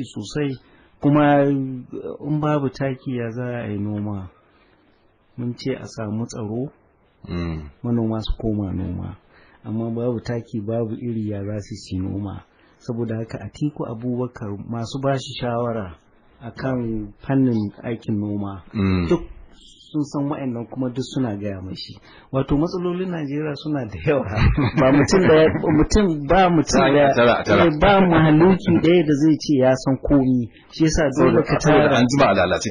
sosai kuma eh, in babu taki ya za a yi noma mun ce a samu tsaro mm. manoma su koma noma amma babu taki babu iri ya za su ci noma saboda haka a tiku abubakar masu ba shi shawara a kan fannin aikin noma mm. duk sun san wa'annan kuma duk suna gaya mashi wato matsalolin najeriya suna da yawa ba mutum da mutum ba mutum da eh, ba mahaluki ɗaya da zai ce ya san komi shi yasa dole ka tara an jima alalace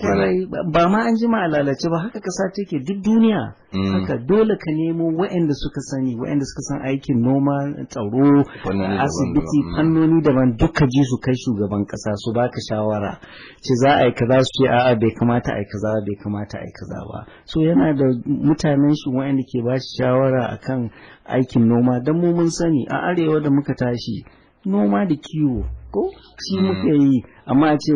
ba ma an jima alalace ba haka kasa take duk duniya mm. haka dole ka nemo wa'anda suka sani wa'anda suka san aikin noma tsaro asibiti fannoni daban duka ji su kai shugaban kasa su baka shawara ce za a yi kaza su ce a'a bai kamata a yi kaza bai kamata a yi kaza ba so yana da mutanen shi wa'anda ke ba shi shawara akan aikin noma don mu mun sani a arewa da muka tashi noma da kiwo ko shi hmm. muka yi amma a ce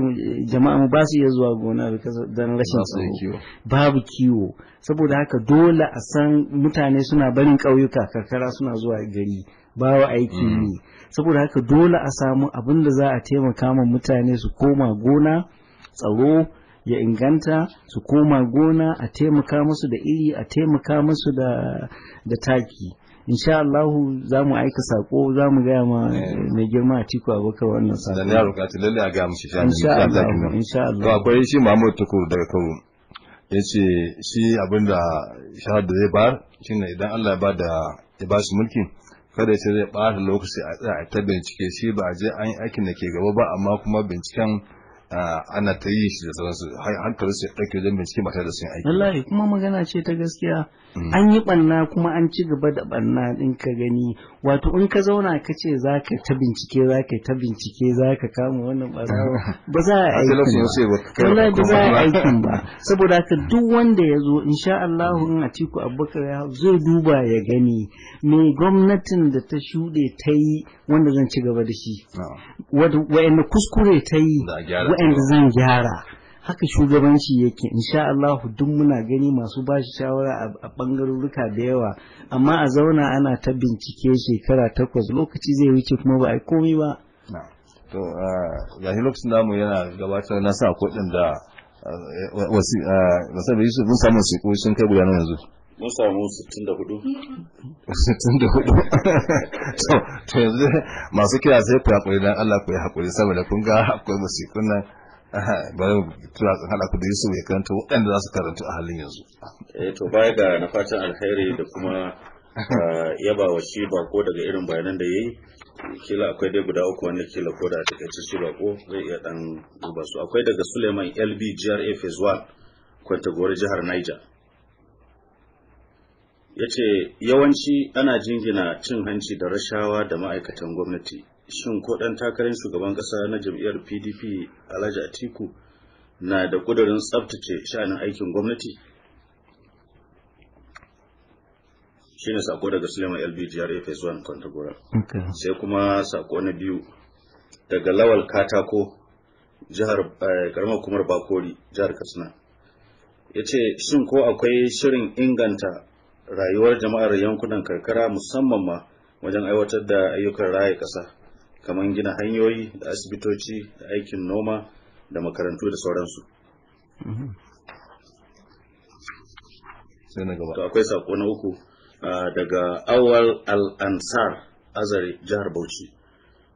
jama'a mu ba su iya zuwa gona don rashin tsaro babu kiwo saboda haka dole a san mutane suna barin ƙauyuka karkara suna zuwa gari bawa aiki ne hmm. saboda haka dole a samu abin da za a taimaka ma mutane su koma gona tsaro ya inganta su koma gona a taimaka musu da iri a taimaka musu da, da taki insha Allahu za mu aika sako za mu gaya ma mai girma Atiku Abubakar wannan sako. Dan ya kati lalle a gaya mushi shani. Insha Allah. Insha Allah. To akwai shi Muhammad Tukur daga ya Yace shi abinda shahada zai shi shine idan Allah ya bada ya ba shi mulki kada ya ce zai ɓata lokaci a tsaya a ta bincike shi ba a je an yi aikin da ke gaba ba amma kuma binciken ana ta yin shi da sauransu hankalin su ɗauke wajen bincike ba tare da sun aiki. Wallahi kuma magana ce ta gaskiya mm. an yi ɓanna kuma an ci gaba da ɓanna ɗin ka gani wato in ka zauna ka ce za ka ta bincike za ka ta bincike za ka kama wannan ɓarna ba za a aikin ba. ba za a aikin ba saboda haka duk wanda ya zo insha Allah in ciku Abubakar zai duba ya gani me gwamnatin da ta shuɗe ta yi wanda zan ci gaba da shi. Wa'anda kuskure ta yi. yanzu zan gyara haka shugabanci yake insha Allah duk muna gani masu ba shi shawara a bangarurruka da yawa amma a zauna ana ta bincike shekara takwas lokaci zai wuce kuma ba a yi komai ba to yahi lokacin namu yana gabatar na sa kuɗin da wasu mun samu su sun kai gudanar yanzu mun samu 64 64 to yanzu masu kira sai ku hakuri dan Allah ku yi hakuri saboda kun ga akwai musikun nan bari tura sun hada ku da Yusuf ya karanta waɗanda za su karanta a halin yanzu eh to baya ga na fatan alheri da kuma ah, yaba wa shi bako daga irin bayanan da yayi kila akwai dai guda uku wanda kila ko da take ci shi bako zai iya dan duba su akwai daga Suleiman LB GRA Phase 1 Kwantagore jihar Niger ya ce yawanci ana jingina cin hanci da rashawa da ma'aikatan gwamnati shin ko ɗan takarar shugaban ƙasa na jam'iyyar pdp alhaji atiku na da ƙudurin tsabtace sha'anin aikin gwamnati ne sako daga suleiman lbjr fs1 kwantagora sai kuma sako na biyu daga lawal katako jihar karamar eh, kumar bakori jihar katsina ya ce shin ko akwai shirin inganta rayuwar jama'ar yankunan karkara musamman ma wajen aiwatar da ayyukan raya ƙasa kamar gina hanyoyi da asibitoci da aikin noma da makarantu da sauransu to akwai sako na uku daga awal alansar ansar azare jihar bauchi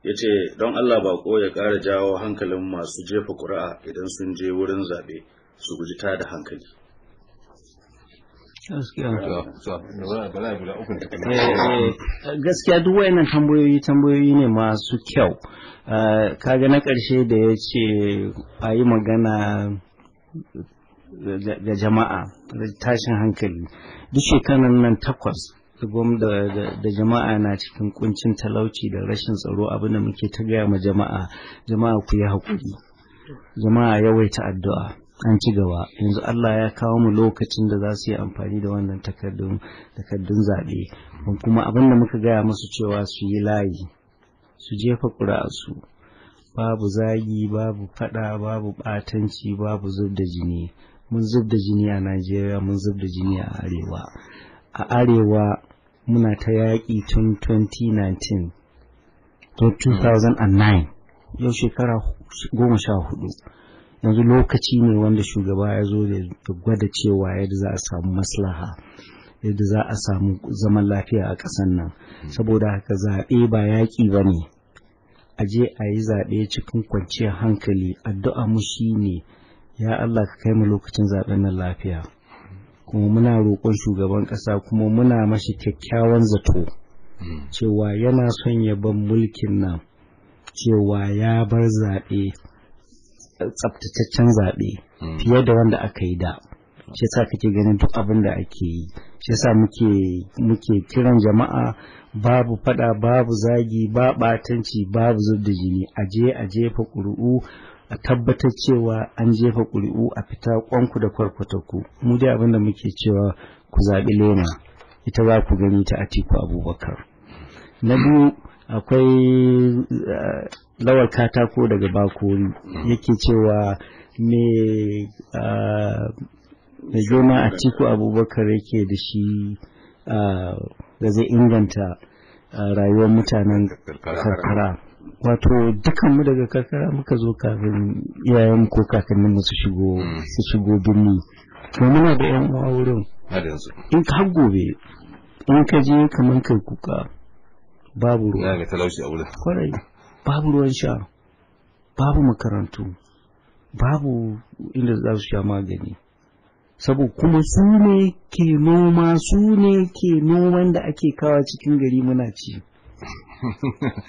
ya ce don allah bako ya ƙara jawo hankalin masu jefa ƙura'a idan sun je wurin zaɓe su guji tada hankali Eh, eh, gaskiya duk wayannan tambayoyi tambayoyi ne masu kyau eh, kaga na ƙarshe da ya ce a yi magana ga jama'a da tashin hankali duk shekaran nan takwas da jama'a na cikin kuncin talauci da rashin tsaro abinda muke ta gaya ma jama'a jama'a ku yi haƙuri jama'a yawaita addu'a an ci gaba yanzu Allah ya kawo mu lokacin da za su yi amfani da wannan takardun takardun zaɓe kuma abin da muka gaya musu cewa su yi layi su jefa ƙuri'arsu babu zagi babu faɗa babu ɓatanci babu zub da jini mun zub da jini a Najeriya mun zub da jini a arewa a arewa muna ta yaƙi tun 2019 to 2009 yau shekara goma sha hudu yanzu lokaci ne wanda shugaba ya zo da gwada cewa yadda za a samu maslaha yadda za a samu zaman lafiya a ƙasar nan hmm. saboda haka zaɓe ba yaƙi ba ne a je a yi zaɓe cikin kwanciyar hankali addu'a mu shi ne ya Allah ka kai mu lokacin zaɓen nan lafiya kuma muna roƙon shugaban ƙasa kuma muna mashi kyakkyawan zato hmm. cewa yana son ya ban mulkin nan cewa ya bar zaɓe tsaftataccen zaɓe hmm. fiye da wanda aka yi da shi sa kake ganin duk abin da ake yi shi sa muke muke kiran jama'a babu fada babu zagi ba batanci babu zub da jini a a jefa ƙuri'u a tabbatar cewa an jefa ƙuri'u a fita kwanku da kwarkwatakku mu dai abin da muke cewa ku zaɓi lema ita za ku gani ta atiku abubakar na biyu akwai eh, lawar katako daga bakori yake cewa mai eh, gona a ciku abubakar yake da shi eh, da zai inganta rayuwar mutanen karkara wato dukanmu daga karkara muka zo kafin iyayen ko kakanninmu su shigo hmm. su shigo birni to muna da yan uwa wurin in ka gobe in ka je kamar kai kuka babu ruwa talauci a wurin kwarai babu ruwan sha babu makarantu babu inda za su sha magani saboda kuma su ne ke noma su ne ke noman da ake kawo cikin gari muna ci